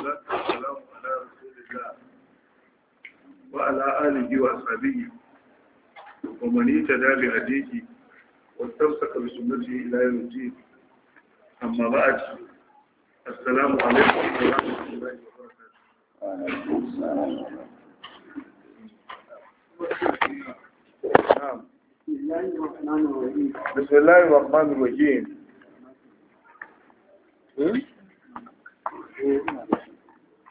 والصلاة والسلام على رسول الله وعلى آله وأصحابه ومن اهتدى بهديه واستمسك بسنته إلى يوم الدين أما بعد السلام عليكم ورحمة الله وبركاته وعليكم السلام نعم بسم الله الرحمن الرحيم 嗯。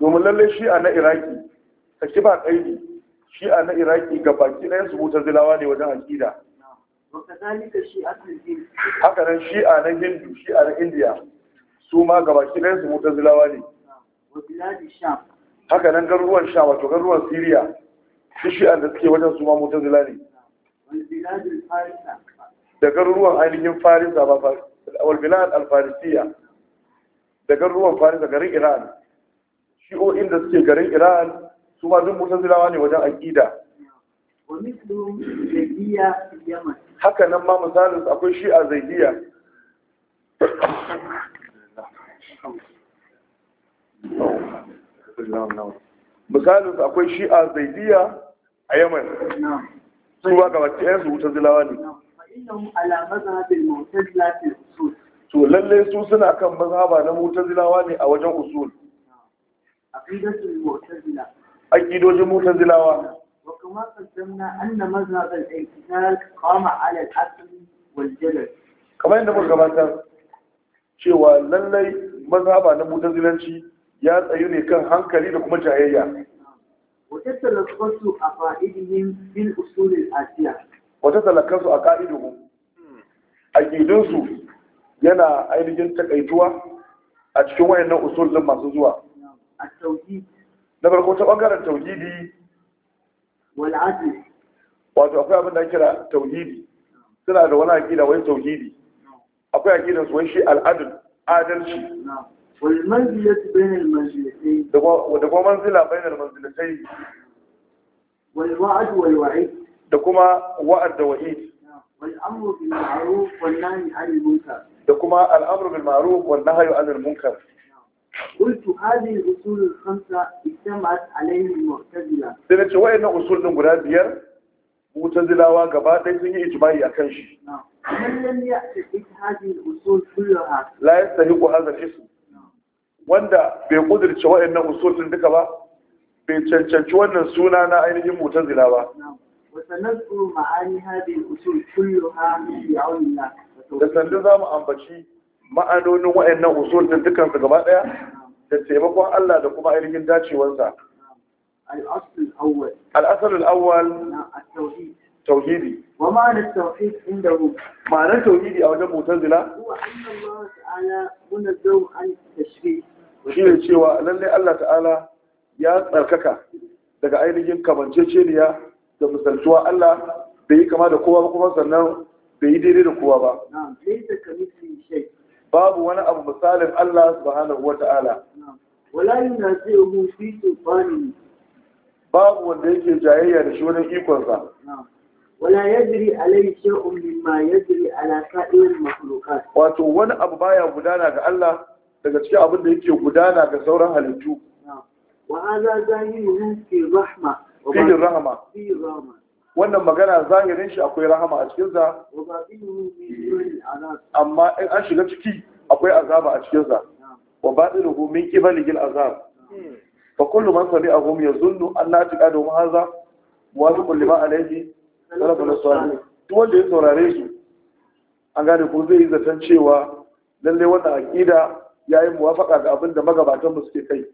domin lallai shi'a na iraki saki ba shi shi'a na iraki ga baki ɗayan su mutar zilawa ne wajen aƙida haka nan shi'a na hindu shi'a na indiya su ma ga baki ɗayan su mutar zilawa ne haka nan garuruwan sha wato garuruwan siriya shi shi'a da suke wajen su ma hutar zila ne da garuruwan ainihin farisa ba walbilan alfarisiya da garuruwan faris da garin iran shi'o'in da suke garin iran su ma duk zilawa ne wajen aƙida haka nan ma misalin akwai shi a zaidiya misalin akwai shi a zaidiya a yaman su ba gabaci 'yan su zilawa ne to lalle su suna kan mazhaba na mutazilawa ne a wajen usul aqidojin mutazilawa wa kama qaddamna anna mazhab al-i'tizal qama ala al-asl wal jadal kamar yadda muka cewa lallai mazhaba na mutazilanci ya tsayu ne kan hankali da kuma jayayya وتتلقصوا أقائدهم بالأصول الآتية yana ainihin takaituwa a cikin wayannan usul masu zuwa na farko ta bangaren tauhidi wato akwai abin da kira tauhidi suna da wani aqida wai tauhidi akwai aqidan su wai shi al'adun adalci da kuma manzila bainal manzilatayn da kuma wa'ad da wa'id da kuma al'amuru bil ma'ruf wa nahyu anil munkar qultu hadhihi al-usul al-khamsa ijtama'at alayhi al-mu'tazila sai ce wayannan usul din guda biyar mu'tazilawa gaba ɗaya sun yi ijma'i akan shi amma lam ya'tiq hadhihi al-usul kullaha la yastahiq hadha al-ism wanda bai kudirce wayannan usul din duka ba bai cancanci wannan suna na ainihin mu'tazila ba وسنذكر معاني هذه الأصول كلها بعون الله لسنن زام أنبشي ma'anonin wa'annan usul din dukkan gaba ɗaya, da taimakon Allah da kuma ainihin dacewansa al-asl al-awwal al-asl al-awwal tauhidi wa ma'ana tauhid indahu ma'ana tauhidi a wajen mutazila wa anna Allah ta'ala munazzahu an tashrif shi ne cewa lalle Allah ta'ala ya tsarkaka daga ainihin kamance kamanceceniya da misaltuwa Allah bai yi kama da kowa ba kuma sannan bai yi daidai da kowa ba babu wani abu misalin Allah subhanahu na wala yunazihu fi sultani babu wanda yake jayayya da shi wani ikonsa wala yajri alayhi shay'un mimma yajri ala sa'ir makhluqat wato wani abu baya gudana ga Allah daga cikin abin da yake gudana ga sauran halittu wa hadha zahiruhu ke rahma fihin rahama wannan magana zahirin shi akwai rahama a cikinsa amma in an shiga ciki akwai azaba a cikinsa wa baɗinuhu min qibalil azab hmm. fa kullu man sami'ahum yazunnu anna taqadu hadha wa kullu ma alayhi na salih duk wanda ya saurare su an gane ko zai yi zaton cewa lallai wannan aƙida ya yi muwafaka ga abin da magabatan mu suke kai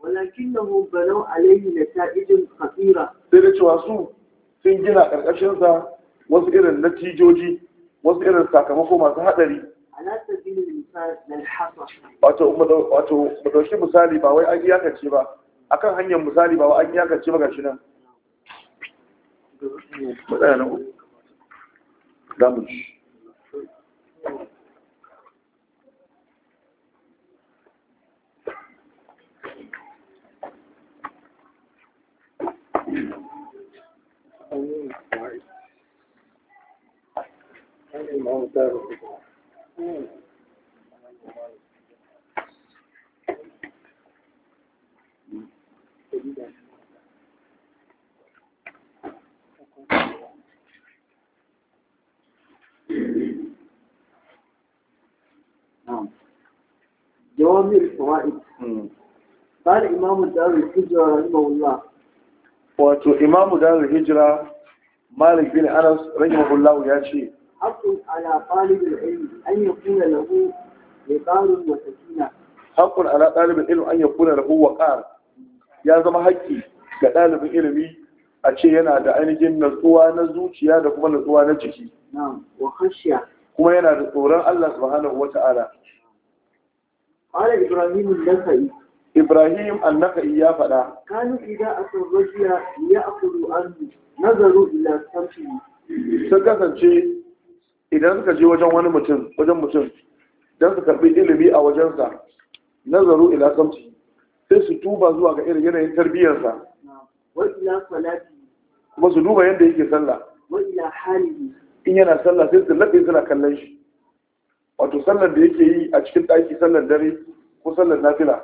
walakin da banau alaihi na ta'ijin kafira sai da cewa su sun gina ƙarƙashinsa wasu irin natijoji wasu irin sakamako masu hadari wato wato mu ɗauki misali ba wai an iyakace ba akan hanyar misali ba wai an iyakace ba gashi nan matsaya na uku damu جوامع الفوائد قال إمام الدار الكبرى رحمه الله wato imamu darul hijira malik bin anas rahimahullahu ya ce haqqun ala ɗalibin ilmi an yi kuna wiqarun wa ƙar ya zama haƙƙi ga ɗalibin ilimi a ce yana da ainihin natsuwa na zuciya da kuma natsuwa na jiki kuma yana da tsoron Allah subhanahu wata'ala qala ibrahim an Ibrahim annaka'i ya faɗa. Kanu idan a rajiya ya kudu an nazaru ila samshi. Sun kasance idan suka je wajen wani mutum, wajen mutum, don su karɓi ilimi a wajensa, nazaru ila samshi. Sai su tuba zuwa ga irin yanayin tarbiyyarsa. ila salati. Kuma su duba yadda yake sallah. Wa'ila halihi. In yana sallah sai su labe suna kallon shi. Wato sallar da yake yi a cikin ɗaki sallar dare ko sallar nafila.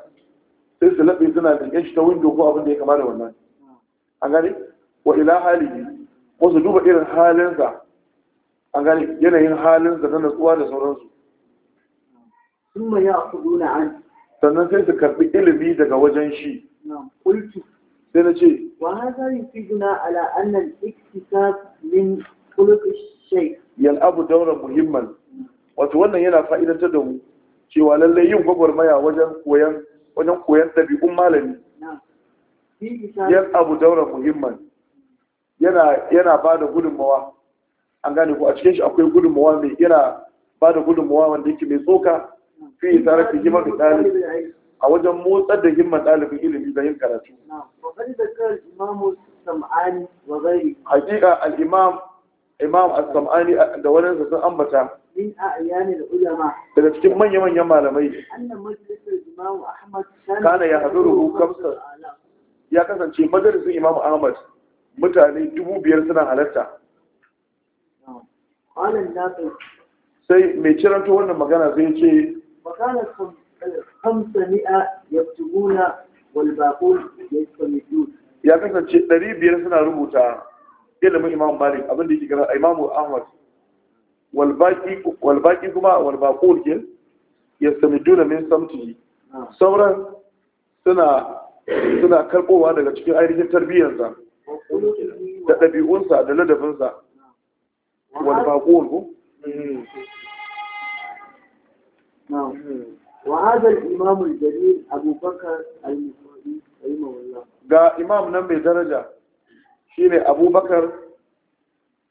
sai su laɓe suna da shi ta windo ko abin da ya kama da wannan an gane wa ila halihi ko su duba irin halinsa an gane yanayin halinsa na natsuwa da sauransu sannan sai su karɓi ilimi daga wajen shi sai na ce wa haza yufiduna ala annal iktisab min khuluq shay yal'abu dawran muhimman wato wannan yana fa'idantar da mu cewa lallai yin gwagwarmaya wajen koyan. wajen koyon ɗabi'un malami yan abu daura muhimman yana ba da gudunmawa an gane ku a cikin shi akwai gudunmawa mai yana ba da gudunmawa wanda yake mai tsoka fi tare da himar ɗalibi a wajen motsar da himmar ɗalibin ilimi da yin karatu Haƙiƙa al'imam imam as-sam'ani da wani sun ambata daga cikin manya-manyan malamai kana ya hazuru kamsa ya kasance majalisun imamu ahmad mutane dubu biyar suna halarta sai mai ciranto wannan magana zai ce ya kasance ɗari biyar suna rubuta ilimin imamu malik abinda yake gara imamu ahmad walbaki kuma walbakul ke ya sami duna min samtihi sauran suna karbowa daga cikin ainihin tarbiyyarsa da ɗabi'unsa da ladabinsa wani baƙon ku ga imam nan mai daraja shine abubakar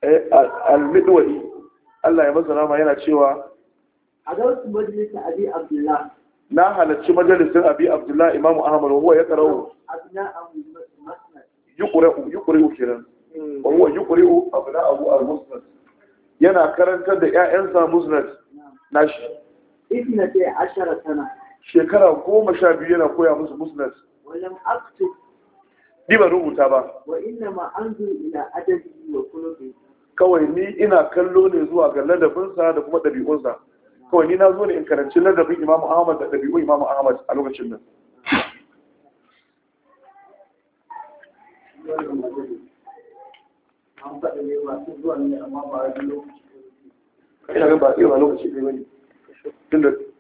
eh, al-midwai Allah ya masa rama yana cewa a dauki majalisa abi abdullahi na halarci majalisin abi abdullah imamu ahmad wa huwa yaqra'u wa huwa yuqra'u abna'ahu al-musnad yana karantar da ƴaƴansa musnad nashi ibna ta 10 sana shekara 12 yana koya musu musnad walam aktub di ba rubuta ba wa inna ma anzu ila adabi wa kulubi kawai ni ina kallo ne zuwa ga ladabinsa da kuma ɗabi'unsa kawai ni na zo ne in karanci ladabin imamu ahmad da ɗabi'u imamu ahmad a lokacin nan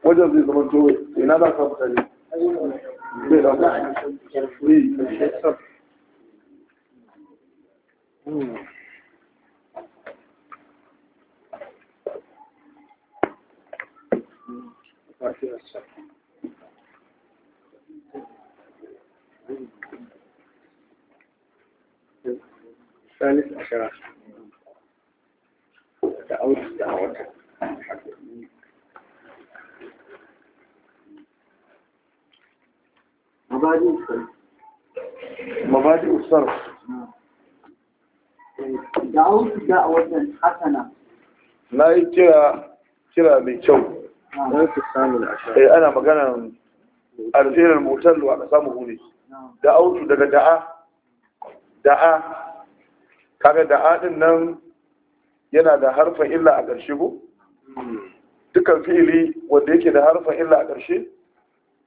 wajen zai zama to ina za ka mutane zai eh, وفي الصف الثالث عشر تعود الدعوة مبادئ الصرف مبادئ الصرف دعوت دعوة حسنة لا يجرى كرا بيشوف eh ana magana alfirar motar da aka samu hune da autu daga da'a da'a kaga da'a din nan yana da harfin illa a ƙarshe ko dukkan fi'ili wanda yake da harfin illa a ƙarshe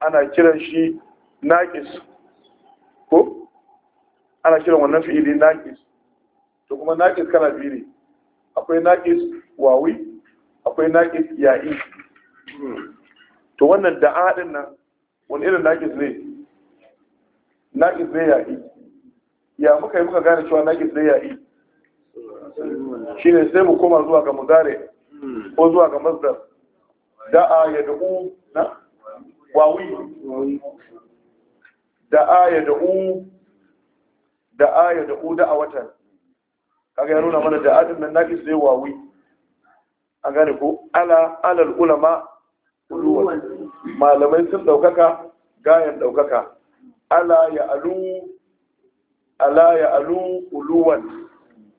ana kiran shi naƙis ko ana kiran wannan fi'ili naƙis to kuma naƙis kana biyu ne akwai naƙis wawi akwai naƙis ya'i to wannan da'a din nan wani irin naqis ne naqis ne yayi ya muka yi muka gane cewa naqis ne Shi shine sai mu koma zuwa ga mudare ko zuwa ga masdar da'a ya da'u na wawi da'a ya da'u da'a ya da'u da'a watan kaga ya nuna mana da'a din nan naqis ne wawi an gane ko ala alal ulama malamai sun ɗaukaka gayan ɗaukaka ala ya alu ala ya alu uluwan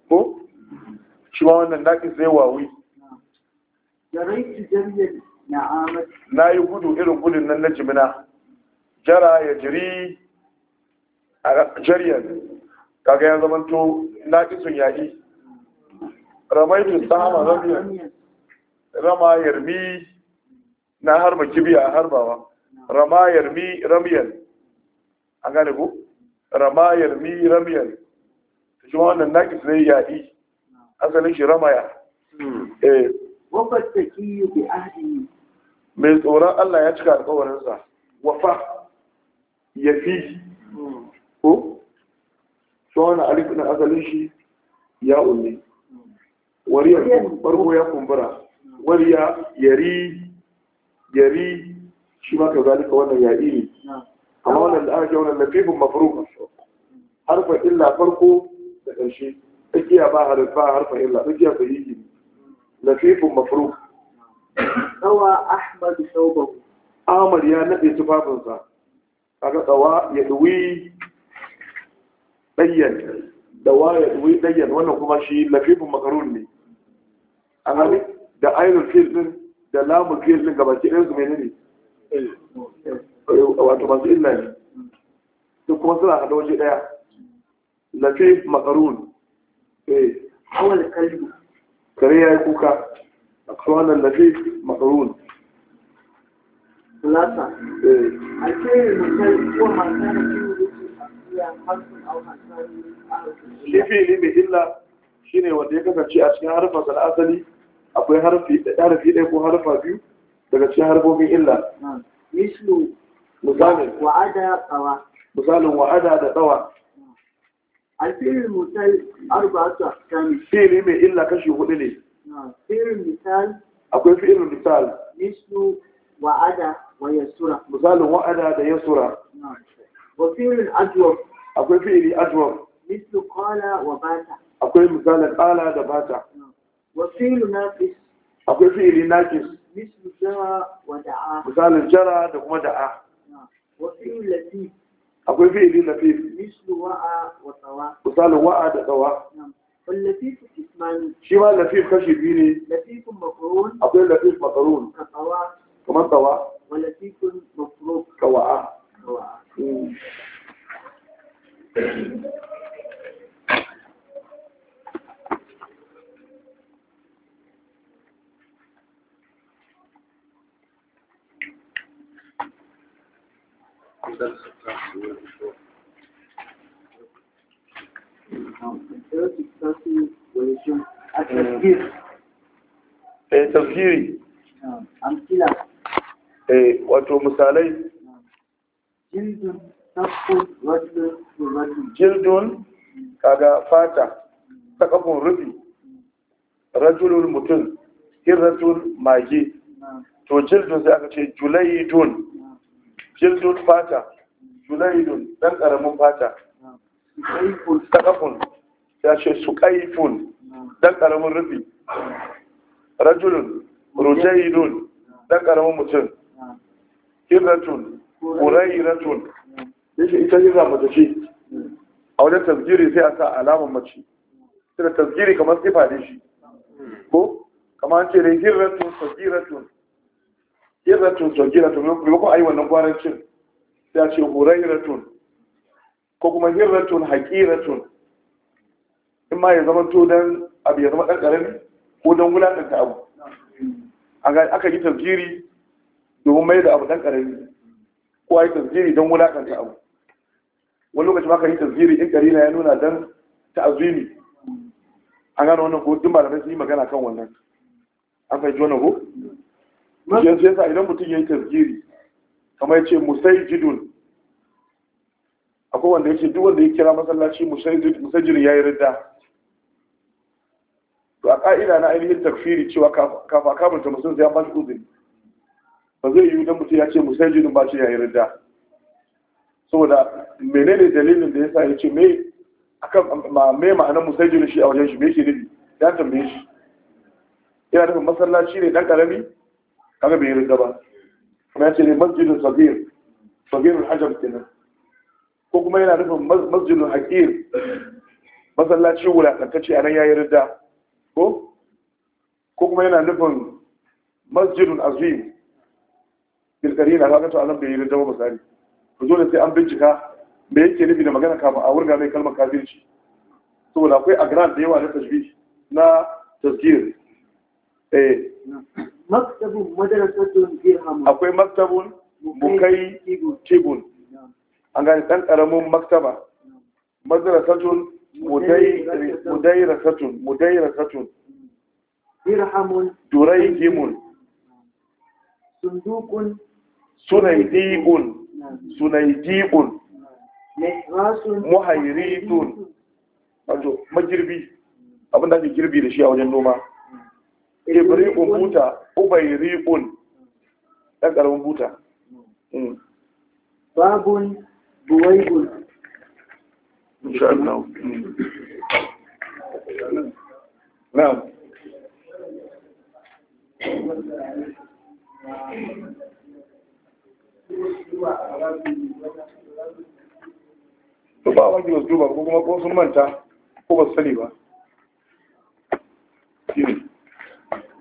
ko shi ma wannan naƙi zai wawi na yi gudu irin gudun nan na jimina jara ya jiri a jariyar kaga ya zamanto naƙi sun yaƙi ramaitu sama ramiyar rama yarmi na harba kibiya harbawa ramayar mi ramiyal an gane ko mi yarmi ramiyal shi wannan nakis ne yaɗi. asalin shi ramaya eh wafa takiyu bi ahdi mai tsoron Allah ya cika alƙawarinsa wafa ya fi ko shi wani alifin asalin shi ya ulle wariya farko ya kumbura wariya yari yari shi ma ka zalika wannan ya iri amma wannan da aka ke wannan lafifin mafruq harfa illa farko da ƙarshe tsakiya ba harfa harfa illa tsakiya ba yi lafifin mafruq tsawa ahmad saubahu ahmad ya naɗe tufafinsa kaga tsawa ya duwi ɗayyan dawa ya duwi ɗayyan wannan kuma shi lafifin makarun ne a da ainihin fil din da lamu fiye sun gaba ke ɗansu menene eh, wato masu illa ne su kuma suna haɗa waje ɗaya lafi makarun eh. kare ya yi kuka a kawanan lafi makarun lasa eh. a ke yi makar ko ke yi ya ne shi ne wanda ya kasance a cikin harfa da asali akwai harafi ɗaya ko harfa biyu daga cikin harfofin illa mislu misalin wa'ada tsawa misalin wa'ada da tsawa alfilin mutal ta ahkami fi'li mai illa kashi hudu ne fi'lin misal akwai fi'lin misal mislu wa'ada wa yasura misalin wa'ada da yasura wa fi'lin ajwab akwai fi'li ajwab mislu qala wa bata akwai misalin qala da bata akwai fi'ili nakis misalin jara da kuma da'a akwai fi'ili latif misalin wa'a da tsawa واللطيف اسمان شما لطيف خشي بيني لطيف مقرون أقول لطيف مقرون كطوا كمان طوا ولطيف مفروض كواء كواء eh tafsiri eh, wato misalai jildun kaga fata kafin rufi rajulun mutum irratun mage to jildun sai aka ce julaidun jildun fata julaidun dan karamin fata takafun ya ce su kaifun dan karamin rufi rajulun rujaidun dan karamin mutum hirratun kurairatun ya ce ita hirra mace ce a wajen tasgiri sai a sa alamun mace sai da tasgiri kamar sifa ne shi ko kamar ce da hirratun tasgiratun irratun sagiratun maimakon ayi wannan kwarancin sai a ce hurairatun ko kuma hirratun haƙiratun in ma ya zama to don abu ya zama ɗan ƙarami ko don wulaƙanta abu aka yi tasgiri domin mai da abu ɗan ƙarami ko a yi tasgiri don wulaƙanta abu wani lokacin aka yi tasgiri in ƙarina ya nuna don ta'azumi? an gano wannan ko duk malamai sun yi magana kan wannan an fahimci wannan ko yanzu yasa idan mutum ya yi tasgiri kamar ya ce musai jidun akwai wanda yake duk wanda ya kira masallaci musai jidun ya yi ridda to a ka'ida na ainihin takfiri cewa kafa kamata mutum sai ya ba shi uzuri ba zai yi dan mutum ya ce musai jidun ba shi ya yi ridda saboda menene dalilin da yasa ya ce me akan ma me ma'anar musai shi a wajen shi me yake nufi ya tambaye shi yana nufin masallaci ne dan karami kaga bai riga ba kuma ya ce ne masjidin sabir sabirul hajam kenan ko kuma yana nufin masjidin haƙir masallaci wulakantacce a nan ya yi rida ko ko kuma yana nufin masjidin azim ƙirƙari na kaga to a nan bai yi rida ba misali ku dole sai an bincika me yake nufi da magana kama a wurga mai kalmar kafirci saboda akwai a da yawa na tajbi na tasgir eh akwai maktabun bukai tibun an gani ɗan ƙaramin maktaba madarasatun mudairasatun irhamun durai duraihimun sundukun sunai sunaidiun sunaidiun muhairitun wato magirbi abinda ake girbi da shi a wajen noma ibri'un buta ubairi'un ɗan ƙaramin buta hmm. babun buwaibun insha Allah na'am to ba wani wasu duba ko kuma ko sun manta ko ba su sani ba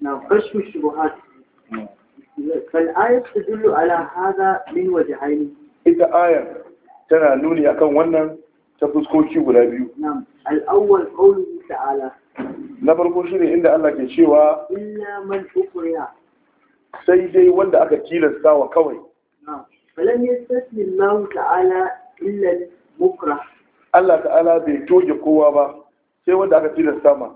نعم كشف الشبهات فالآية تدل على هذا من وجهين إذا آية تنا نوني أكون ونن تفسكوشي ولا بيو نعم الأول قوله تعالى na farko shi ne inda Allah ke cewa illa man ukriya sai dai wanda aka tilasta wa kawai Allah ta'ala illa Allah ta'ala bai toge kowa ba sai wanda aka tilasta ma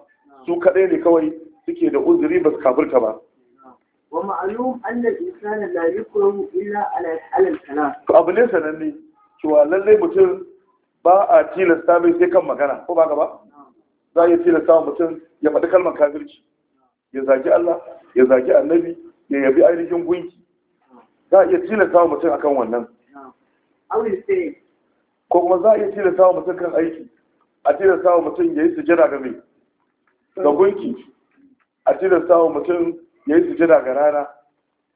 su kadai ne kawai suke da uzuri ba su kafurta ba wa ma'alum anna al-insana la yukrahu illa ala al-kalam Ku abu ne sananne cewa mutum ba a tilasta mai sai kan magana ko ba gaba? ba za a yi tilasta mutum ya faɗi kalmar kafirci ya zagi Allah ya zagi annabi ya yabi ainihin gunki za a iya tilasta wa mutum akan wannan ko kuma za a iya tilasta wa mutum kan aiki a tilasta wa mutum ya yi sujada ga mai ga gunki a tilasta wa mutum ya yi sujada ga rana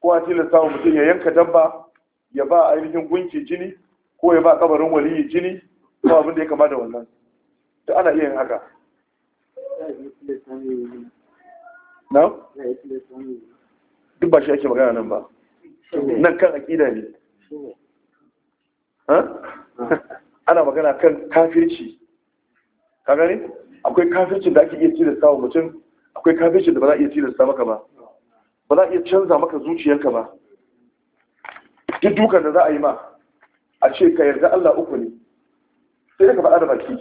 ko a tilasta wa mutum ya yanka dabba ya ba ainihin gunki jini ko ya ba kabarin waliyi jini ko abin da ya kama da wannan ta ana iya yin haka na? duk ba shi ake magana nan ba nan kan aƙida ne ana magana kan kafirci ka gani akwai kafirci da ake iya da wa mutum akwai kafirci da ba za a iya tilasta maka ba ba za a iya canza maka zuciyarka ba duk dukan da za a yi ma a ce ka yarda Allah uku ne sai ka faɗa da baki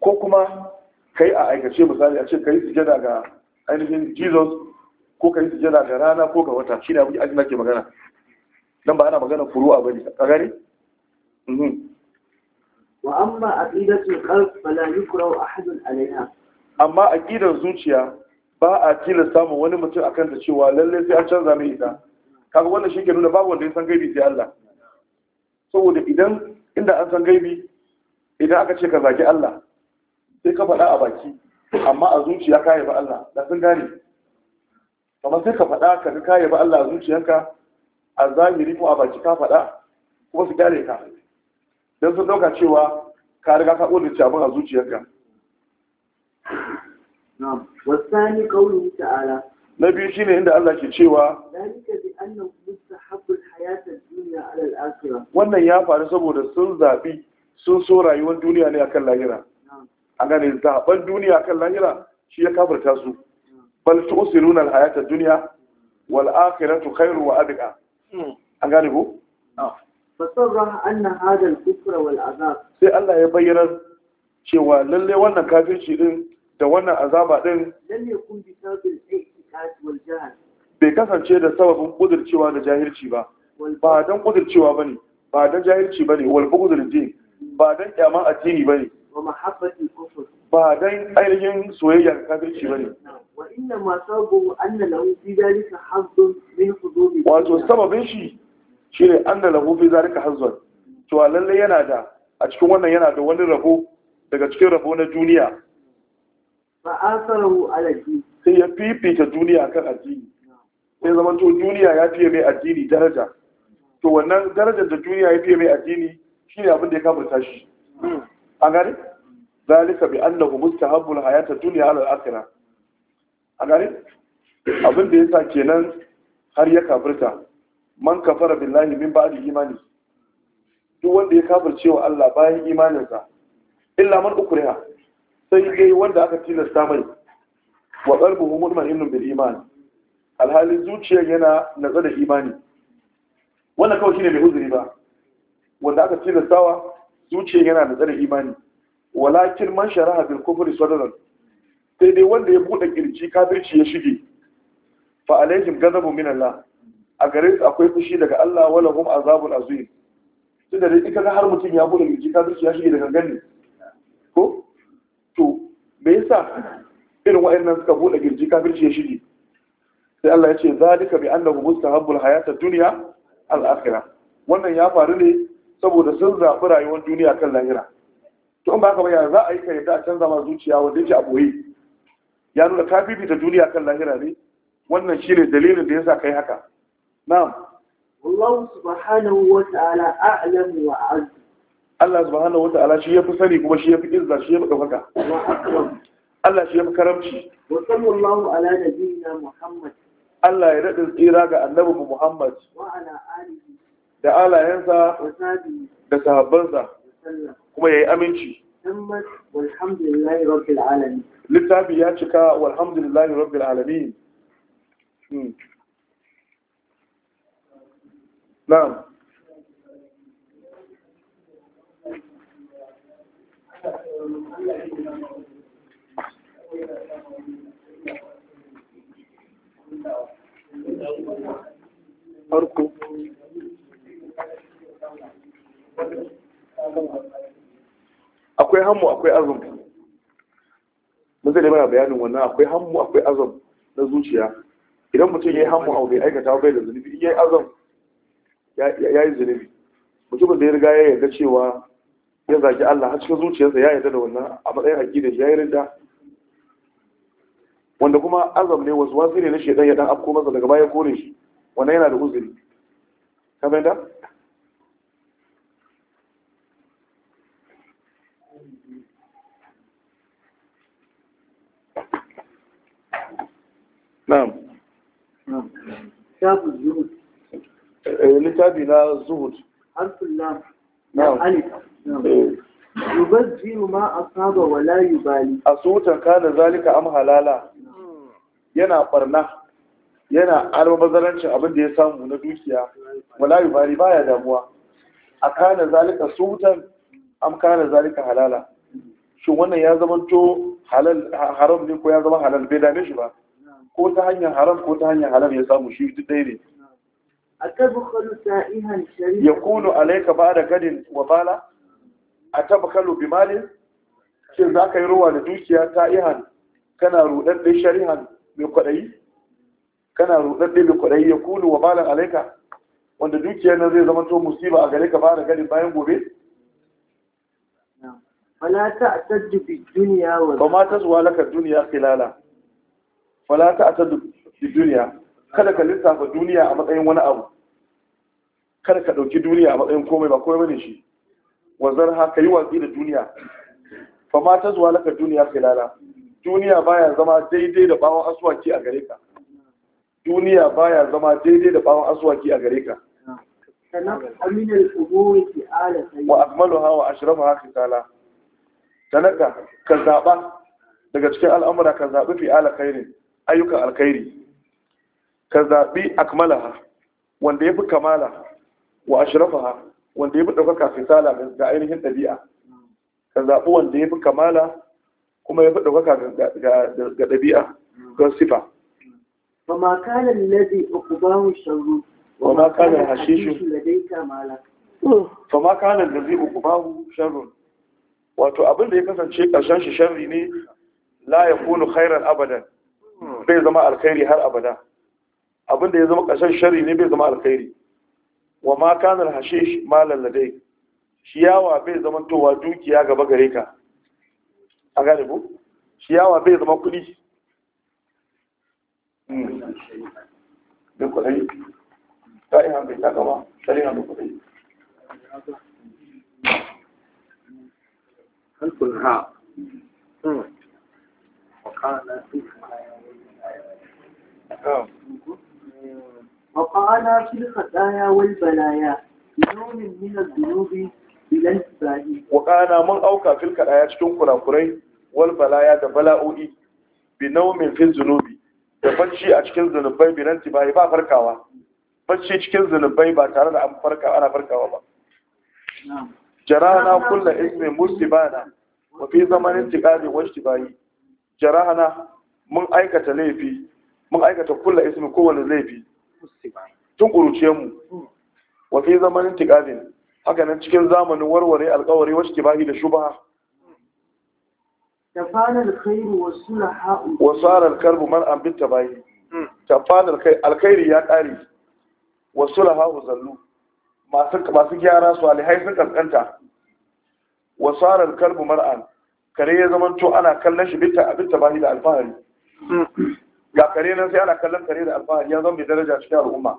ko kuma ka yi a aikace misali a ce ka yi sujada ga ainihin jesus ko ka yi sujjada ga rana ko ga wata shi ne abin da ake magana nan ba ana magana furu'a ba ne a gane? Mhm. wa amma aqidatul qalb fala yukrahu ahadun alaiha amma aqidar zuciya ba a tilasta samun wani mutum akan da cewa lalle sai an canza mai ita kaga wannan shi ke nuna babu wanda ya san gaibi sai Allah saboda idan inda an san gaibi idan aka ce ka zaki Allah sai ka faɗa a baki amma a zuciya ka yi ba Allah da sun gane kamar sai ka faɗa ka ka yaba Allah a zuciyarka, a zahiri ko a baki ka faɗa kuma su gyare ka don sun ɗauka cewa ka riga ka ƙudurci abin a zuciyarka wasani kaulu ta'ala na biyu shine inda Allah ke cewa wannan ya faru saboda sun zaɓi sun so rayuwar duniya ne akan lahira a gane zaɓen duniya akan lahira shi ya kafarta su bal tu'siruna al-hayata ad-dunya wal akhiratu khairu wa abqa an gane ko ah. fasarra anna hada al wal azab sai Allah ya bayyana cewa lalle wannan kafirci din da wannan azaba din lalle kun bi sabil i'tiqad wal jahl bai kasance da sababin kudurcewa da jahilci ba ba dan kudurcewa bane ba dan jahilci bane wal bughdul din ba dan kyaman addini bane wa mahabbatul kufr ba dan ainihin soyayyar kafirci bane wa inna ma sabu anna lahu fi zalika hazzun min hudumi wato sababin shi shine anna lahu fi zalika hazzun to lallai yana da a cikin wannan yana da wani rabo daga cikin rabo na duniya ba asarahu ala din sai ya fifita duniya kan addini sai zaman to duniya ya fiye mai addini daraja to wannan darajar da duniya ya fiye mai addini shine abin da ya kafirta shi a gane? zalika bi annahu mustahabbul hayatad dunya ala al-akhirah a gare abin da yasa kenan har ya kafirta man kafara billahi min ba'di imani duk wanda ya kafirce wa Allah bayan imaninsa illa man ukriha sai dai wanda aka tilasta mai wa qalbuhu mutma'innun bil iman Alhali zuciyar yana natsa da imani wannan kawai shine mai huzuri ba wanda aka tilasta wa? zuciyar yana natsa da imani walakin man sharaha bil kufri sadran sai dai wanda ya bude kirji kafirci ya shige fa alaihim ghadabu min Allah a gare su akwai fushi daga Allah wala hum azabun azim tunda dai kaga har mutum ya bude kirji kafirci ya shige daga ganni ko to me yasa irin wa'annan suka bude kirji kafirci ya shige sai Allah ya ce zalika bi annahu mustahabbul hayatad dunya al akhirah wannan ya faru ne saboda sun zafi rayuwar duniya kan lahira to in ba ka bayyana za a yi ka yadda a canza ma zuciya wanda yake a boye ya nuna ka bibita duniya kan lahira ne wannan shi ne dalilin da ya sa kai haka na'am Allah subhanahu wa ta'ala a'lamu wa a'azzu Allah subhanahu wata'ala shi yafi sani kuma shi yafi izza shi yafi ɗaukaka. Allah shi yafi karamci. Wa sallallahu ala nabiyyina Muhammad. Allah ya daɗin tsira ga annabi Muhammad. Wa Da alayensa. Da sahabbansa. kuma yayi aminci walhamdulillahi rabbil alamin littafi ya cika walhamdulillahi rabbil alamin na'am farko akwai hammu akwai azum mutane mana bayanin wannan akwai hammu akwai azum na zuciya idan mutum ya yi hammu abu bai aikata bai da zunubi in ya yi azum ya yi zunubi mutumin da ya riga ya yarda cewa ya zaki Allah har cikin zuciyarsa ya yarda da wannan a matsayin aƙida ya yi rinda wanda kuma azum ne wasu wasu ne na shaidan ya dan afko masa daga baya kore shi wannan yana da uzuri ka fahimta na'am eh, littafi na zuhud harfullah na'am alif eh. yubazziru ma asaba wala yubali asutan kana zalika am halala yana barna yana almabazarancin abin da ya samu na dukiya wala yubali baya damuwa a kana zalika sutan am kana zalika halala shin wannan ya zama to halal haram ne ko ya zama halal bai dame shi ba ko ta hanyar haram ko ta hanyar haram ya samu shi duk ɗaya ne atabkhalu sa'ihan shari'a ba da gadin kadin wa bala atabkhalu bimalin shin za ka yi ruwa da dukiya ta ihan kana rudadde shari'an mai kwadayi kana rudadde mai kwadayi yakunu wa balan alaika? wanda dukiyar nan zai zama to musiba a gare ka ba da gadin bayan gobe fala ta'taddu bid duniya wa ma taswa laka dunya khilala wala ta ta duniya kada ka lissafa duniya a matsayin wani abu kada ka ɗauki duniya a matsayin komai ba komai bane shi Wanzar haka yi watsi da duniya fa ma ta zuwa laka duniya filala duniya baya zama daidai da bawon asuwaki a gare ka duniya baya zama daidai da bawon asuwaki a gare ka wa ha wa ha kitala tanaka ka zaɓa daga cikin al'amura ka zaɓi fi ala khairin ayyukan alkhairi ka zaɓi akmalaha wanda ya fi kamala wa ashrafaha wanda ya fi ɗaukaka fisala ga ainihin ɗabi'a ka zaɓi wanda ya fi kamala kuma ya fi ɗaukaka ga ɗabi'a ga sifa fama kanan kalan lazi ukubahu sharru wa ma kalan ukubahu sharru wato abin da ya kasance ƙarshen shi sharri ne la ya kunu khairan abadan bai zama alkhairi har abada abin da ya zama ƙasar shari ne bai zama alkhairi wa ma kanar hashish malan shi shiyawa bai zama towa dukiya gaba gare ka a galibu shi shiyawa bai zama kuɗi hmm. hmm. na وقال في الخطايا والبلايا يوم من الذنوب إلى الانتباه وقال من أوكى في الخطايا تكون كراكرين والبلايا دبلاؤي بنوم في الذنوب da bacci a cikin zanubai binan tibai ba farkawa bacci cikin zanubai ba tare da an farka ana farkawa ba jarana kullu ismi musibana wa fi zamanin tiqadi wa ishtibahi jarana mun aikata laifi mun aikata kulla ismin kowane laifi tun ƙuruciyar mu wa fi zamanin tiqabin haka nan cikin zamanin warware alƙawari wacce ke bahi da shubha wasu alkhairu wasulaha wasara alkarbu man an bitta bayi tafana Alkairi ya ƙare wasulaha wazallu masu masu gyara su alhai sun kaskanta wasara alkarbu mar'an kare ya zama to ana kallon shi bitta bitta bahi da alfahari hmm. ga kare nan sai ana kallon kare da alfahari ya zama mai daraja cikin al'umma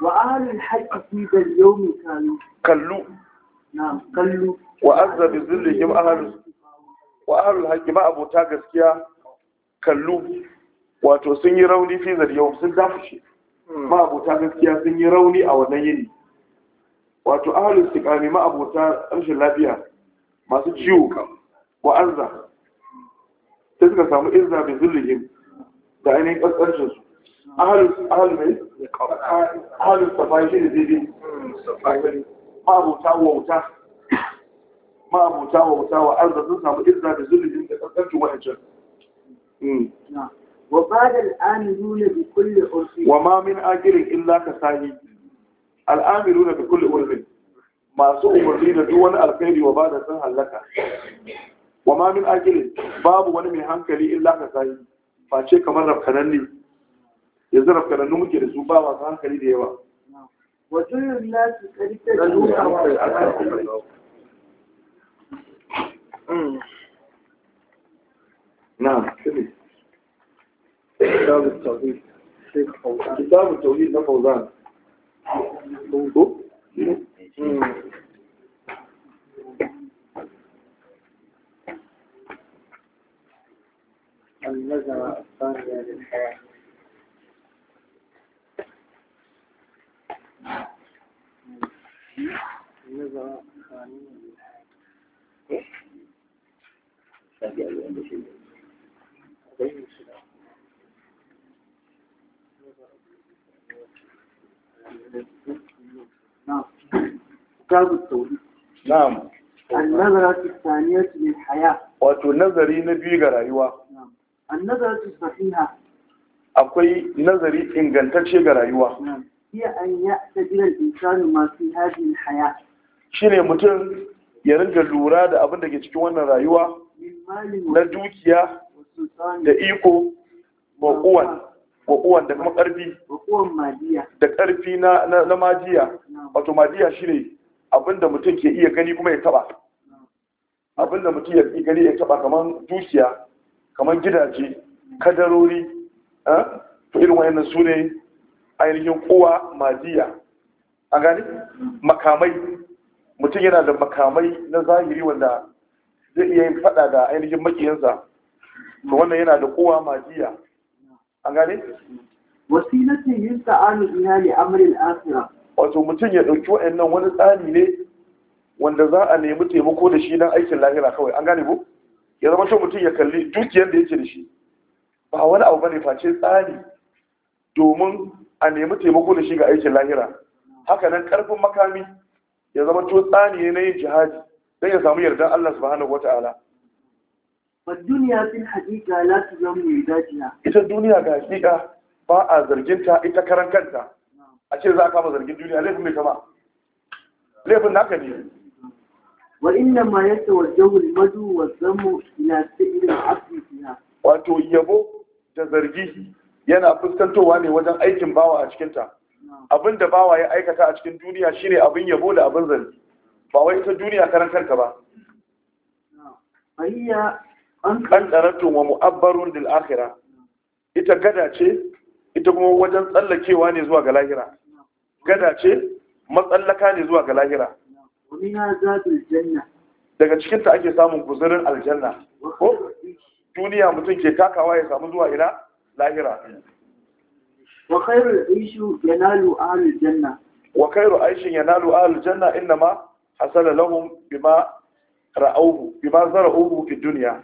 wa haƙƙi da yau mai kallu kallu kallu wa azza bi zillihim ahlul wa ahlul haqqi ma abota gaskiya kallu wato sun yi rauni fi zal yawm sun dafushe hmm. ma abota gaskiya sun yi rauni a wannan yini wato ahlul istiqami ma abota rashin lafiya masu ciwo wa azza sai suka samu izina bin zullihim da ainihin ƙasƙancinsu ahalin safa shi ne zai ma'abuta wa wuta wa arzikin sun samu izina bin zullihim da ƙasƙancin wa'ancin hmm. wa ma min agirin illa ka sahi al'amiru na bi kulle masu umarni da duwan alkhairi wa ba da sun hallaka wa ma min aqilin babu wani mai hankali illa ka sai face kamar rafkanan ne yanzu rafkanan ne muke da su ba wasu hankali da yawa wa kullun nas qadita na'am kitab at-tawhid kitab at-tawhid na fawzan ko hmm. النظرة الثانية للحياة النظرة الثانية للحياة نعم كتاب التوحيد نعم النظرة الثانية للحياة وتنظري نبي غرايوه akwai nazari ingantacce ga rayuwa shi ne mutum ya ringa lura da abin da ke cikin wannan rayuwa na dukiya da iko wa'uwan da kuma ƙarfi da ƙarfi na majiya wato majiya shi ne abin da mutum ke iya gani kuma ya taba abin da mutum ya gani ya taba kamar dukiya kamar gidaje kadarori to irin wayan su ne ainihin kowa madiya a gani makamai mutum yana da makamai na zahiri wanda zai iya yin fada da ainihin makiyansa to wannan yana da kowa madiya a gani wasilatin yin ta'alu biha li asira. akhirah wato mutum ya dauki wayannan wani tsari ne wanda za a nemi taimako da shi don aikin lahira kawai an gane ko ya zama to mutum ya kalli dukiyar da yake da shi ba wani abu bane face tsari domin a nemi taimako da shi ga aikin lahira haka nan karfin makami ya zama to tsani ne na yin jihadi don ya samu yardar Allah subhanahu wata'ala duniya fil haqiqa la tuzamu yudajiha ita duniya ga haqiqa ba a zargin ta ita karan kanta a ce za ka kama zargin duniya laifin mai kama laifin naka ne وإنما يتوجه المدو والذم إلى سئل العبد فيها wato yabo da zargi yana fuskantowa ne wajen aikin bawa a cikinta abin da bawa ya aikata a cikin duniya shine abin yabo da abin zargi ba wai ta duniya karan kanka ba ayya an kantaratu wa mu'abbarun lil akhirah ita gada ce ita kuma wajen tsallakewa ne zuwa ga lahira gada ce matsallaka ne zuwa ga lahira daga cikinta ake samun guzurin aljanna ko duniya mutum ke takawa ya samu zuwa ina lahira wa khairu aishu yanalu ahlul janna wa khairu aishin yanalu ahlul janna inma hasala lahum bima ra'awhu bima zara'uhu fi dunya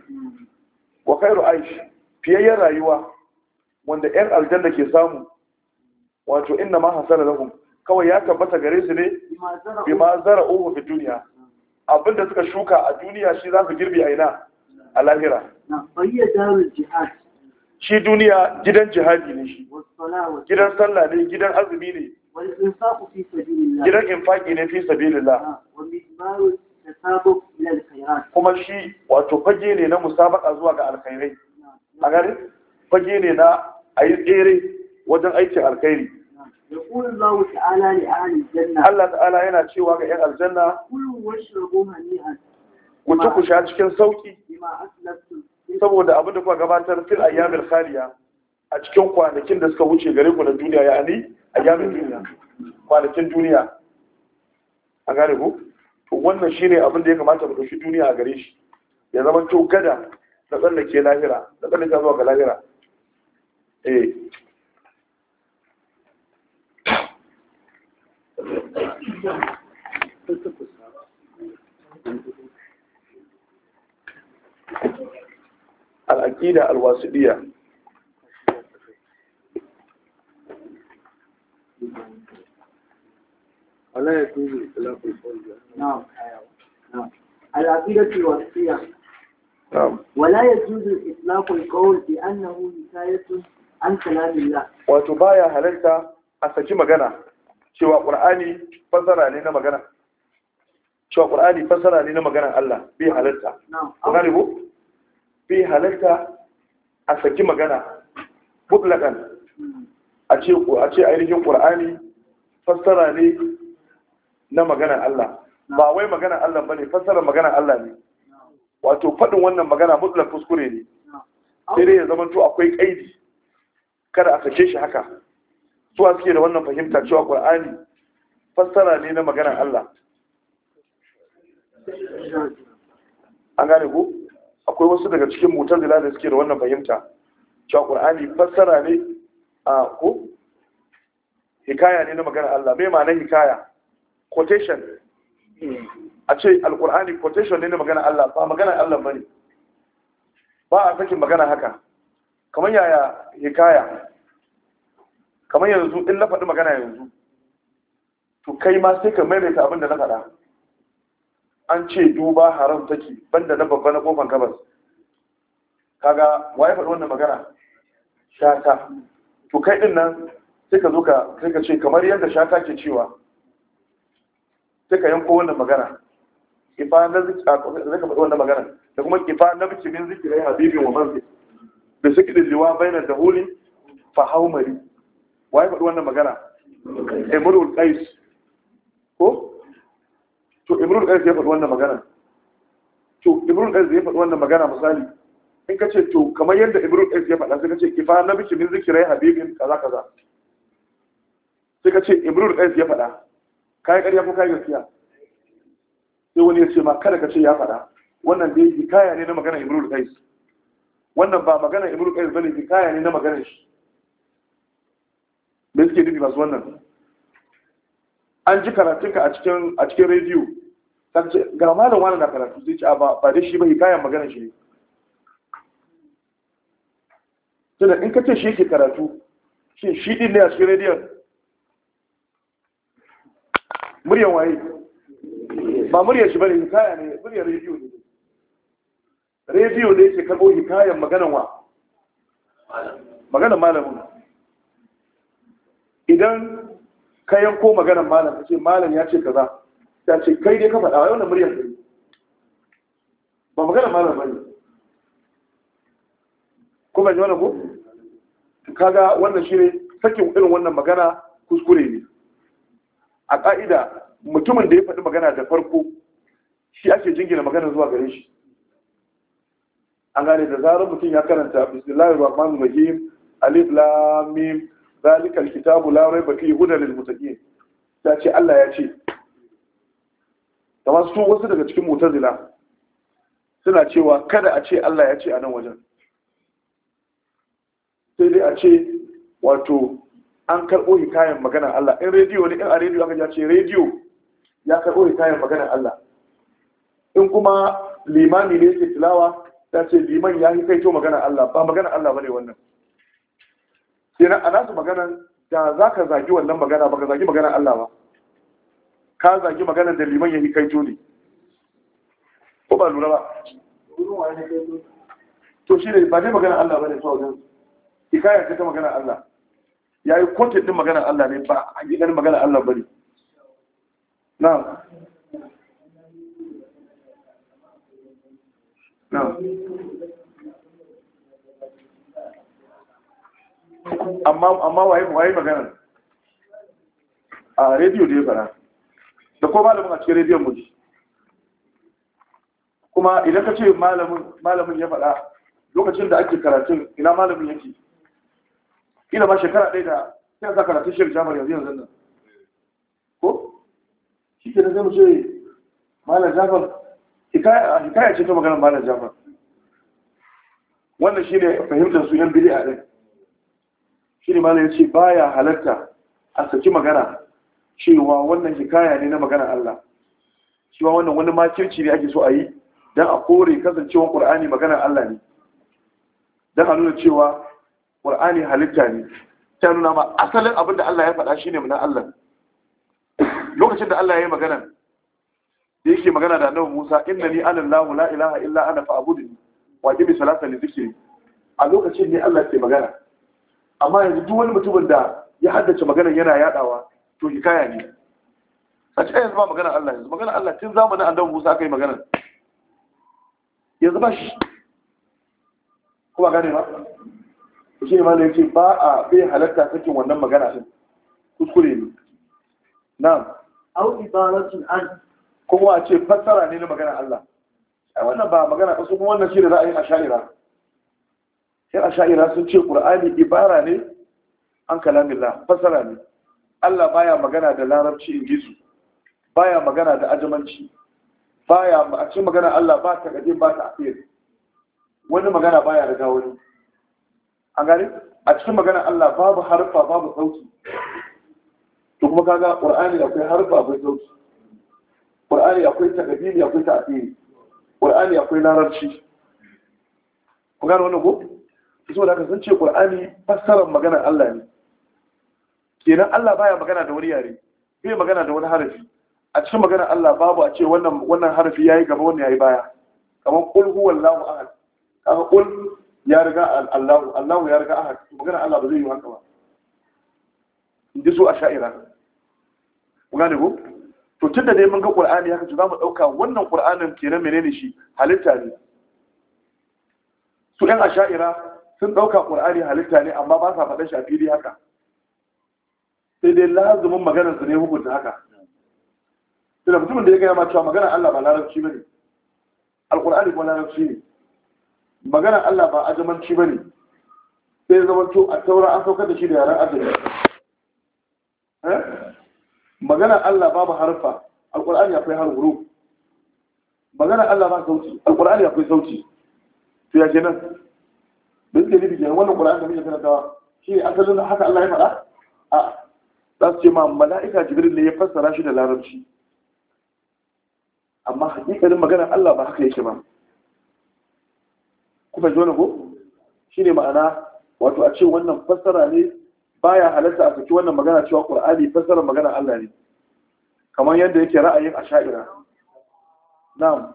wa khairu aishi fiyayyen rayuwa wanda yan aljanna ke samu wato ma hasala lahum kawai ya tabbata gare su ne bima zara'uhu fi duniya abinda suka shuka a duniya shi za su girbe aina a lahira shi duniya gidan jihadi ne shi gidan sallah ne gidan azumi ne gidan infaki ne fi sabilillah kuma shi wato fage ne na musabaka zuwa ga alkhairai a gari fage ne na a yi tsere wajen aikin alkhairi Allah الله تعالى لأهل الجنة الله تعالى هنا شيء واقع أهل الجنة كلوا واشربوا saboda abin da kuka gabatar fil ayyamil khaliya a cikin kwanakin da suka wuce gare ku na duniya ya ani ayyamin duniya kwanakin duniya a gare ku to wannan shine abin da ya kamata mu dauki duniya a gare shi ya zama to gada na tsallake lahira da tsallake zuwa ga lahira eh. al'aƙida alwasiɗiya ولا يجوز إطلاق القول بأنه نكاية عن كلام الله wato baya halarta a saki magana cewa ƙur'ani fassara ne na magana cewa ƙur'ani fassara ne na magana Allah bi halitta. ƙur'ani ko bi halitta a saki magana mutlakan a ce a ce ainihin ƙur'ani fassara ne na magana Allah ba wai magana Allah bane fassara magana Allah ne wato faɗin wannan magana mutlak kuskure ne sai dai ya zama to akwai kaidi kada a sake shi haka suwa suke da wannan fahimta cewa ƙwar'ani fassara ne na maganar Allah an gane ku akwai wasu daga cikin mutar zila da suke da wannan fahimta cewa ƙwar'ani fassara ne a ku hikaya ne na maganar Allah mai ma'anar hikaya quotation a ce alƙwar'ani quotation ne na maganar Allah ba maganar Allah ba ne ba a sakin magana haka kamar yaya hikaya kamar yanzu in na faɗi magana yanzu to kai ma sai ka maimaita abin da na faɗa an ce duba haram take banda na babba na kofan gabas kaga waye faɗi wannan magana shata to kai din nan sai ka zo ka sai ka ce kamar yadda shata ke cewa sai ka yanko wannan magana ifa na zikira zai ka faɗi wannan magana da kuma ifa na bikin min ya habibin wa manzi da suke dilliwa bainar da huli fa haumari waye faɗi wannan magana emirul ƙais ko to emirul ƙais ya faɗi wannan magana to emirul ƙais ya faɗi wannan magana misali in ka ce to kamar yadda emirul ƙais ya faɗa sai ka ce kifa na biki min zikirai habibin kaza kaza sai ka ce emirul ƙais ya faɗa kai ƙarya ko kai gaskiya sai wani ya ce ma kada ka ce ya faɗa wannan dai hikaya ne na magana emirul ƙais wannan ba magana emirul ƙais bane hikaya ne na magana shi da suke dubi masu wannan an ji karatunka a cikin rediyo ga malam wani na karatu zai ci ba ba dai shi ba hikayen magana shi ne tunda in kace shi yake karatu shi shi din ne a cikin rediyon muryan waye ba muryar shi bane hikaya ne muryar rediyo ne rediyo ne yake karbo hikayen maganan wa maganan malamin idan ka yanko maganar malam ka ce malam ya ce ka za. ta ce kai dai ka faɗa yau wannan muryar ɗari ba maganar malam ne ko ji wannan ko Ka ga wannan ne sakin irin wannan magana kuskure ne a ƙa'ida mutumin da ya faɗi magana da farko shi ake jingina magana zuwa gare shi an gane da zarar mutum ya karanta bismillahir rahmanir rahim alif lam mim zalikal kitabu la raiba fihi hudan lil muttaqin ta ce Allah ya ce kamar su wasu daga cikin mu'tazila suna cewa kada a ce Allah ya ce a nan wajen sai dai a ce wato an karɓo hikayen magana Allah in rediyo ne in a rediyo aka ce rediyo ya karɓo hikayen magana Allah in kuma Limani ne ce tilawa ta ce liman ya hikaito magana Allah ba magana Allah bane wannan kenan a nasu magana da za ka zagi wannan magana ba ka zagi maganar Allah ba ka zagi maganar da liman ya yi kai jole ko ba lura ba to shi ne ba dai maganar Allah ba ne su wajen ikaya ta ta maganar Allah ya yi kwantin din maganar Allah ne ba a gidan maganar Allah ba ne na na amma wa waye yi magana a rediyo da ya fara da ko malamin a cikin rediyon muji kuma idan ka ce malamin ya faɗa lokacin da ake karatun ina malamin yake ina ma shekara ɗaya da sai za karatun shirin jamar yanzu yanzu nan ko shi ke da zai mace malar jamar hikaya ce ta maganar malar Jamar? wannan shi ne fahimtar su yan bidi a shi ne malam ya ce baya halatta a saki magana cewa wannan hikaya ne na magana Allah cewa wannan wani makirci ne ake so a yi don a kore kasancewar ƙur'ani maganar Allah ne don a nuna cewa ƙur'ani halitta ne ta nuna ma asalin abin da Allah ya faɗa shi ne na Allah lokacin da Allah ya yi magana da yake magana da annabi Musa inna ni anan la ilaha illa ana fa'budni wa aqimi salata li dhikri a lokacin ne Allah ke magana amma yanzu duk wani mutumin da ya haddace magana yana yadawa to kaya ne a ce yanzu ba magana Allah yanzu magana Allah tun zamanin annabi Musa aka yi magana yanzu ba shi kuma gane ba to shi ne ce ba a bai halatta sakin wannan magana din kuskure ne na'am au ibaratu an kuma a ce fassara ne na magana Allah ai wannan ba magana ba su kuma wannan shi da ra'ayin asha'ira yan asha'ira sun ce qur'ani ibara ne an kalamillah fasara ne Allah baya magana da larabci in gizu baya magana da ajamanci baya a cikin magana Allah ba ta gaje ba ta afiyar wani magana baya da wani an gane a cikin magana Allah babu harfa babu sauti to kuma kaga ƙur'ani akwai harfa akwai sauti ƙur'ani akwai takabiri akwai ta'firi ƙur'ani akwai larabci ku gane wannan ko so da sun ce qur'ani fassarar magana Allah ne kenan Allah baya magana da wani yare bai magana da wani harafi a cikin magana Allah babu a ce wannan wannan harafi yayi gaba wannan yayi baya kamar qul huwallahu ahad kaga qul ya riga Allahu Allahu ya riga ahad Magana Allah ba zai yi haka ba inda su a sha'ira ku gane ko to tunda dai mun ga qur'ani haka to zamu dauka wannan qur'anin kenan menene shi halitta ne su ɗan asha'ira sun ɗauka ƙur'ani halitta ne amma ba sa faɗin shafiri haka sai dai lazumin maganar su ne hukunta haka tunda mutumin da ya gaya ma cewa maganar Allah ba larabci ba ne alƙur'ani kuma larabci ne maganar Allah ba ajamanci ba ne sai ya zama to a taura an saukar da shi da yaren ajami eh? maganar Allah babu harfa alƙur'ani akwai harwuru maganar Allah ba sauti alƙur'ani akwai sauti to ya nan. da suke nufi wannan Qur'ani da muke karantawa shi asalin haka Allah ya faɗa a za su ce ma mala'ika Jibril ne ya fassara shi da larabci amma hakikalin maganar Allah ba haka yake ba kuma ji wani ko shine ma'ana wato a ce wannan fassara ne baya halatta a saki wannan magana cewa ƙur'ani fassara magana Allah ne kamar yadda yake ra'ayin a sha'ira na'am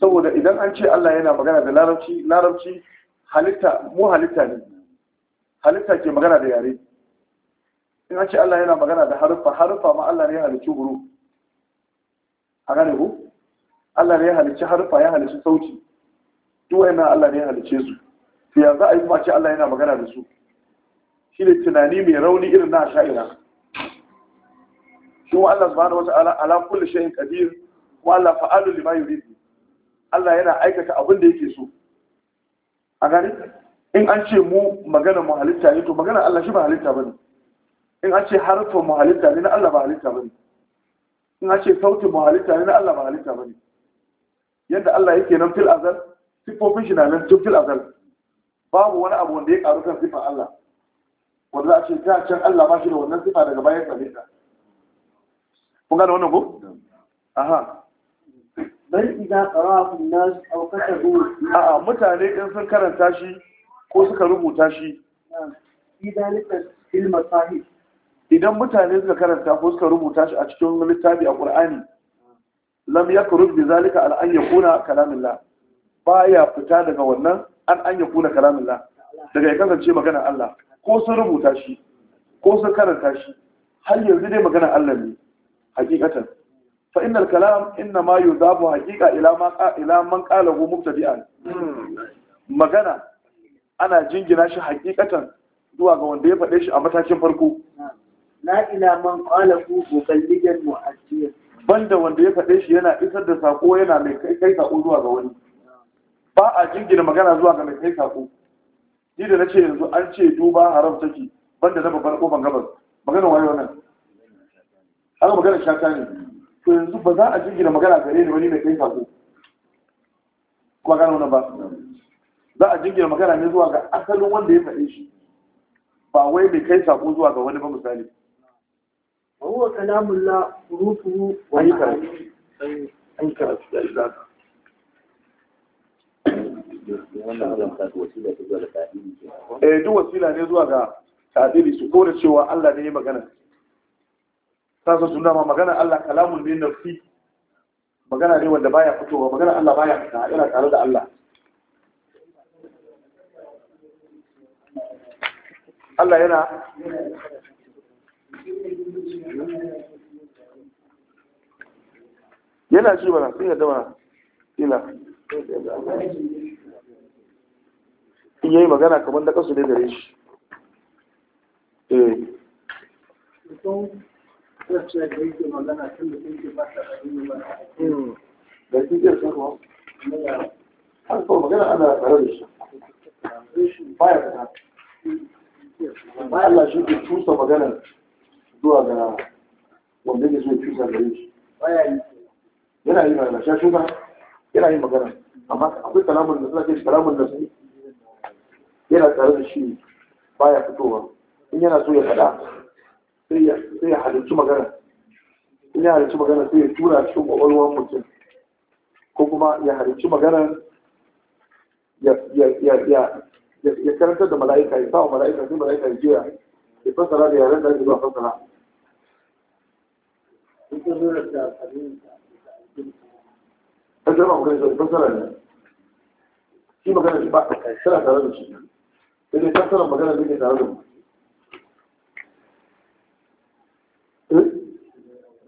saboda idan an ce Allah yana magana da larabci larabci halitta mu halitta ne halitta ke magana da yare in an ce Allah yana magana da haruffa haruffa ma Allah ne ya halicci huru a gane ku Allah ne ya halicci haruffa ya halicci sauti duk wayannan Allah ne ya halicce su to yanzu a yi kuma ce Allah yana magana da su shi ne tunani mai rauni irin na sha'ira shi wa Allah subhanahu wa ta'ala ala kulli shay'in qadir wa Allah fa'alu lima yurid Allah yana aikata abin da yake so a gani in an ce mu magana mu halitta ne to magana Allah shi ba halitta ne. in an ce harfa mu halitta ne na Allah ba halitta ne. in an ce sautin mu halitta ne na Allah ba halitta ne. yadda Allah yake nan fil azal sifofin shi na nan tun fil azal babu wani abu wanda ya karu kan sifa Allah wanda a ce ta can Allah ba shi da wannan sifa daga bayan sa ne ta kun gane wannan ko aha bal idza qara'ahu an-nas aw katabu a'a mutane in sun karanta shi ko suka rubuta shi idan mutane suka karanta ko suka rubuta shi a cikin littafi a ƙur'ani lam yakrub bi zalika al an yakuna kalamillah baya fita daga wannan an an yakuna kalamillah daga ya kasance magana Allah ko sun rubuta shi ko sun karanta shi har yanzu dai magana Allah ne hakikatan fa innal kalam inna ma yudafu haqiqa ila ma ila man qalahu mubtadi'an magana ana jingina shi haqiqatan zuwa ga wanda ya faɗe shi a matakin farko la ila man qalahu muballigan mu'ajjir banda wanda ya faɗe shi yana isar da sako yana mai kai kai sako zuwa ga wani ba a jingina magana zuwa ga mai kai sako ni da nace yanzu an ce duba haram take banda na babbar kofar gabas magana wayo nan haka magana shata ne to yanzu ba za a jingina magana gare ni wani mai kai sako kuma gano wannan ba za a jingina magana ne zuwa ga asalin wanda ya faɗe shi ba wai mai kai sako zuwa ga wani ba misali وهو كلام الله حروفه ومعانيه أنكرت ذلك eh duk wasila ne zuwa ga tadiri su kore cewa Allah ne ya magana sasa sun dama magana Allah kalamun ne nafsi magana ne wanda baya fitowa magana Allah baya fita yana tare da Allah Allah yana yana ji bana sun yadda bana ila in yayi magana kamar da kasu ne gare shi eh Hmm. da shi ke sarwa har kuma magana ana tare da shi fita shi cusa zuwa cusa gare shi yana yi magana shi shuka yana magana amma akwai da suna da yana tare da shi baya fitowa in yana so ya faɗa sai ya halarci magana in ya halarci magana sai ya tura cikin ƙwaƙwalwar mutum ko kuma ya halarci magana ya karantar da mala'ika ya sa wa mala'ika sai mala'ika ya jiya ya fassara da yaren da ake zuwa fassara an zama magana sai fassara ne shi magana shi ba tana tare da shi sai dai fassara magana ke tare da mu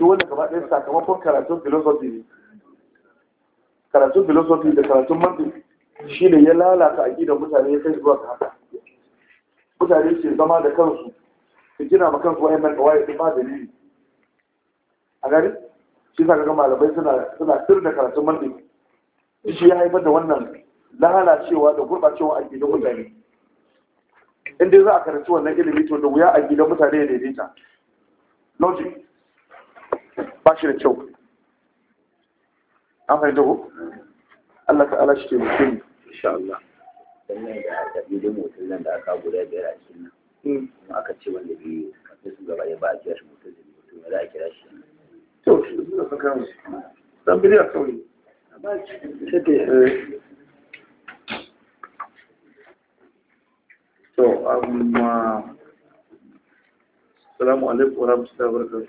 duk wanda gaba ɗaya sakamakon karatun philosophy ne karatun philosophy da karatun mantiq shi ne ya lalata aƙidar mutane ya kai zuwa ga haka mutane ke zama da kansu su gina ma kansu wa'annan kawai ɗin ba dalili a gani shi sa ga malamai suna suna sir da karatun mantiq shi ya haifar da wannan lalacewa da gurɓacewa a gidan mutane in dai za a karanci wannan ilimi to da wuya gidan mutane ya daidaita logic ba shi da kyau an fahimta Allah ta'ala shi ke mutum insha Allah sannan da aka da mutum nan da aka guda biyar a cikin nan hmm. aka ce wanda bi kafin su gaba ba a kira shi mutum da mutum za a kira shi to shi da suka dan da to amma alaikum warahmatullahi wabarakatuh